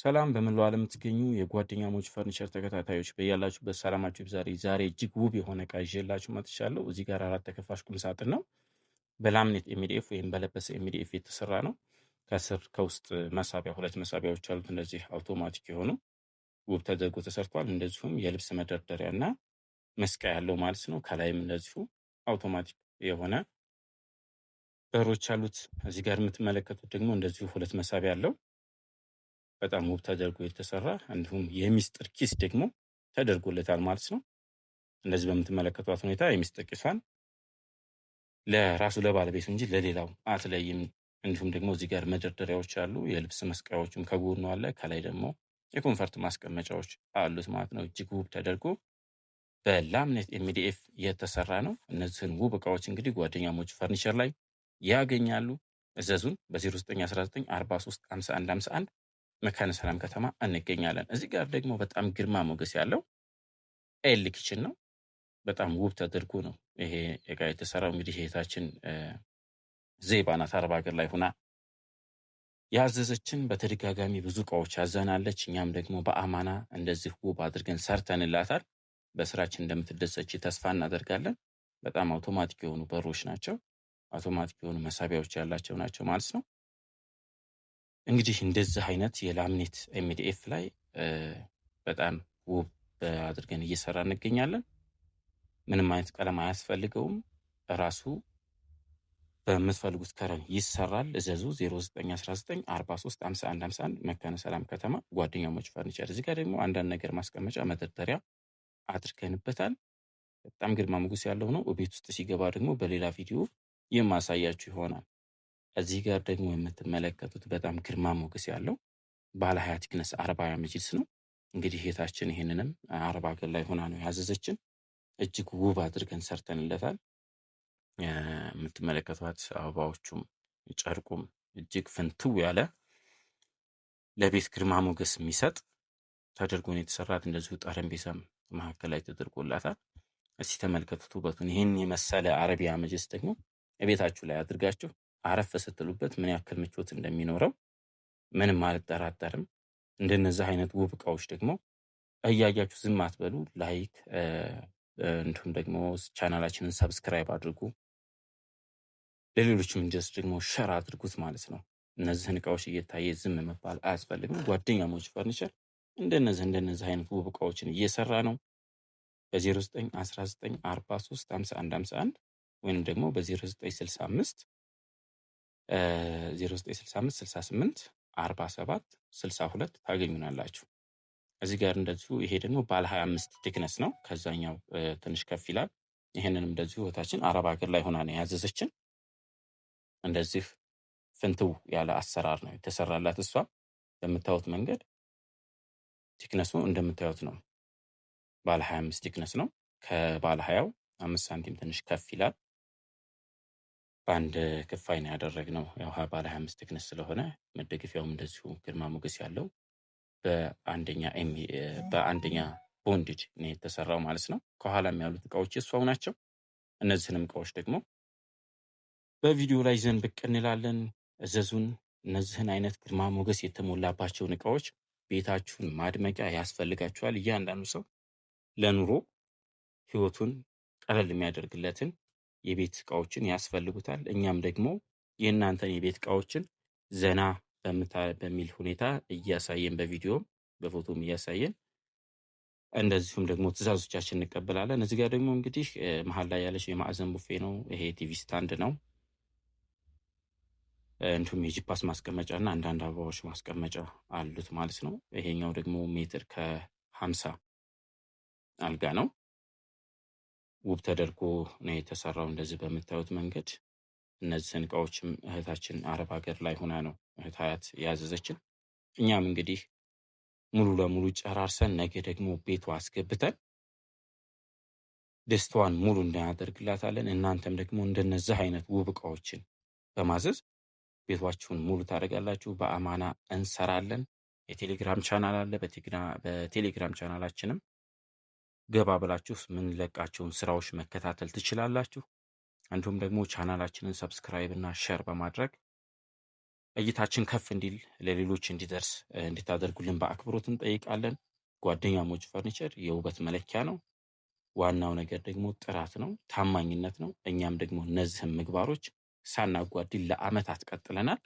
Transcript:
ሰላም በመላው ዓለም የምትገኙ የጓደኛሞች ፈርኒቸር ተከታታዮች በያላችሁበት ሰላማችሁ ዛሬ ዛሬ እጅግ ውብ የሆነ እቃ ይዤላችሁ መጥቻለሁ። እዚህ ጋር አራት ተከፋሽ ቁምሳጥን ነው። በላምኔት ኤምዲኤፍ ወይም በለበሰ ኤምዲኤፍ የተሰራ ነው። ከስር ከውስጥ መሳቢያ ሁለት መሳቢያዎች አሉት። እነዚህ አውቶማቲክ የሆኑ ውብ ተደርጎ ተሰርቷል። እንደዚሁም የልብስ መደርደሪያ እና መስቀያ ያለው ማለት ነው። ከላይም እንደዚሁ አውቶማቲክ የሆነ በሮች አሉት። እዚህ ጋር የምትመለከቱት ደግሞ እንደዚሁ ሁለት መሳቢያ አለው። በጣም ውብ ተደርጎ የተሰራ እንዲሁም የሚስጥር ኪስ ደግሞ ተደርጎለታል ማለት ነው። እንደዚህ በምትመለከቷት ሁኔታ የሚስጥር ኪሷን ለራሱ ለባለቤቱ እንጂ ለሌላው አትለይም። እንዲሁም ደግሞ እዚህ ጋር መደርደሪያዎች አሉ። የልብስ መስቀያዎችም ከጎኑ አለ። ከላይ ደግሞ የኮንፈርት ማስቀመጫዎች አሉት ማለት ነው። እጅግ ውብ ተደርጎ በላምኔት ኤምዲኤፍ የተሰራ ነው። እነዚህን ውብ እቃዎች እንግዲህ ጓደኛሞች ፈርኒቸር ላይ ያገኛሉ። እዘዙን በ0919 መካነ ሰላም ከተማ እንገኛለን። እዚህ ጋር ደግሞ በጣም ግርማ ሞገስ ያለው ኤል ኪችን ነው። በጣም ውብ ተደርጎ ነው ይሄ እቃ የተሰራው። እንግዲህ እህታችን ዜባ ናት አረብ ሀገር ላይ ሁና ያዘዘችን በተደጋጋሚ ብዙ እቃዎች ያዘናለች። እኛም ደግሞ በአማና እንደዚህ ውብ አድርገን ሰርተንላታል። በስራችን እንደምትደሰች ተስፋ እናደርጋለን። በጣም አውቶማቲክ የሆኑ በሮች ናቸው። አውቶማቲክ የሆኑ መሳቢያዎች ያላቸው ናቸው ማለት ነው። እንግዲህ እንደዚህ አይነት የላምኔት ኤምዲኤፍ ላይ በጣም ውብ አድርገን እየሰራ እንገኛለን። ምንም አይነት ቀለም አያስፈልገውም። ራሱ በምትፈልጉት ከረን ይሰራል። እዘዙ 0919435151 መካነ ሰላም ከተማ ጓደኛሞች ፈርኒቸር። እዚህ ጋር ደግሞ አንዳንድ ነገር ማስቀመጫ መደርደሪያ አድርገንበታል። በጣም ግርማ ሞገስ ያለው ነው። ቤት ውስጥ ሲገባ ደግሞ በሌላ ቪዲዮ የማሳያችሁ ይሆናል። እዚህ ጋር ደግሞ የምትመለከቱት በጣም ግርማ ሞገስ ያለው ባለ ሀያ ቲክነስ አረባያ መጅልስ ነው። እንግዲህ ሄታችን ይህንንም አረብ ሀገር ላይ ሆና ነው ያዘዘችን። እጅግ ውብ አድርገን ሰርተንለታል። የምትመለከቷት አበባዎቹም ጨርቁም እጅግ ፍንትው ያለ ለቤት ግርማ ሞገስ የሚሰጥ ተደርጎን የተሰራት እንደዚሁ ጠረጴዛም መካከል ላይ ተደርጎላታል። እስቲ ተመልከቱት ውበቱን። ይህን የመሰለ አረቢያ መጅልስ ደግሞ ቤታችሁ ላይ አድርጋችሁ አረፍ ስትሉበት ምን ያክል ምቾት እንደሚኖረው ምንም አልጠራጠርም። እንደነዚህ አይነት ውብ እቃዎች ደግሞ እያያችሁ ዝም አትበሉ። ላይክ እንዲሁም ደግሞ ቻናላችንን ሰብስክራይብ አድርጉ። ለሌሎችም እንጀስ ደግሞ ሸር አድርጉት ማለት ነው። እነዚህን እቃዎች እየታየ ዝም መባል አያስፈልግም። ጓደኛሞች ፈርኒቸር እንደነዚህ እንደነዚህ አይነት ውብ እቃዎችን እየሰራ ነው። በ0919435151 ወይም ደግሞ በ0965 0965 68 47 62 ታገኙናላችሁ። እዚህ ጋር እንደዚሁ ይሄ ደግሞ ባለ 25 ቴክነስ ነው። ከዛኛው ትንሽ ከፍ ይላል። ይህንንም እንደዚሁ እህታችን አረብ ሀገር ላይ ሆና ነው የያዘዘችን። እንደዚህ ፍንትው ያለ አሰራር ነው የተሰራላት። እሷ በምታዩት መንገድ ቴክነሱ እንደምታዩት ነው። ባለ 25 ቴክነስ ነው። ከባለ 20 አምስት ሳንቲም ትንሽ ከፍ ይላል። በአንድ ክፋይ ነው ያደረግነው። ያው ባለ 25 ትክንስ ስለሆነ መደገፊያውም እንደዚሁ ግርማ ሞገስ ያለው በአንደኛ በአንደኛ ቦንድድ ነው የተሰራው ማለት ነው። ከኋላም ያሉት እቃዎች የእሷው ናቸው። እነዚህንም እቃዎች ደግሞ በቪዲዮ ላይ ዘንድ ብቅ እንላለን። እዘዙን። እነዚህን አይነት ግርማ ሞገስ የተሞላባቸውን እቃዎች ቤታችሁን ማድመቂያ ያስፈልጋችኋል። እያንዳንዱ ሰው ለኑሮ ህይወቱን ቀለል የሚያደርግለትን የቤት እቃዎችን ያስፈልጉታል። እኛም ደግሞ የእናንተን የቤት እቃዎችን ዘና በሚል ሁኔታ እያሳየን በቪዲዮም በፎቶም እያሳየን እንደዚሁም ደግሞ ትእዛዞቻችን እንቀበላለን። እዚህ ጋር ደግሞ እንግዲህ መሀል ላይ ያለች የማዕዘን ቡፌ ነው። ይሄ ቲቪ ስታንድ ነው። እንዲሁም የጂፓስ ማስቀመጫ እና አንዳንድ አበባዎች ማስቀመጫ አሉት ማለት ነው። ይሄኛው ደግሞ ሜትር ከሀምሳ አልጋ ነው። ውብ ተደርጎ ነው የተሰራው። እንደዚህ በምታዩት መንገድ እነዚህን እቃዎችም እህታችን አረብ ሀገር ላይ ሆና ነው እህት ሀያት የያዘዘችን። እኛም እንግዲህ ሙሉ ለሙሉ ጨራርሰን ነገ ደግሞ ቤቷ አስገብተን ደስታዋን ሙሉ እናደርግላታለን። እናንተም ደግሞ እንደነዚህ አይነት ውብ እቃዎችን በማዘዝ ቤቷችሁን ሙሉ ታደርጋላችሁ። በአማና እንሰራለን። የቴሌግራም ቻናል አለ። በቴሌግራም ቻናላችንም ገባ ብላችሁ የምንለቃቸውን ስራዎች መከታተል ትችላላችሁ። እንዲሁም ደግሞ ቻናላችንን ሰብስክራይብ እና ሸር በማድረግ እይታችን ከፍ እንዲል ለሌሎች እንዲደርስ እንድታደርጉልን በአክብሮት እንጠይቃለን። ጓደኛሞች ፈርኒቸር የውበት መለኪያ ነው። ዋናው ነገር ደግሞ ጥራት ነው፣ ታማኝነት ነው። እኛም ደግሞ እነዚህን ምግባሮች ሳናጓድል ለአመታት ቀጥለናል።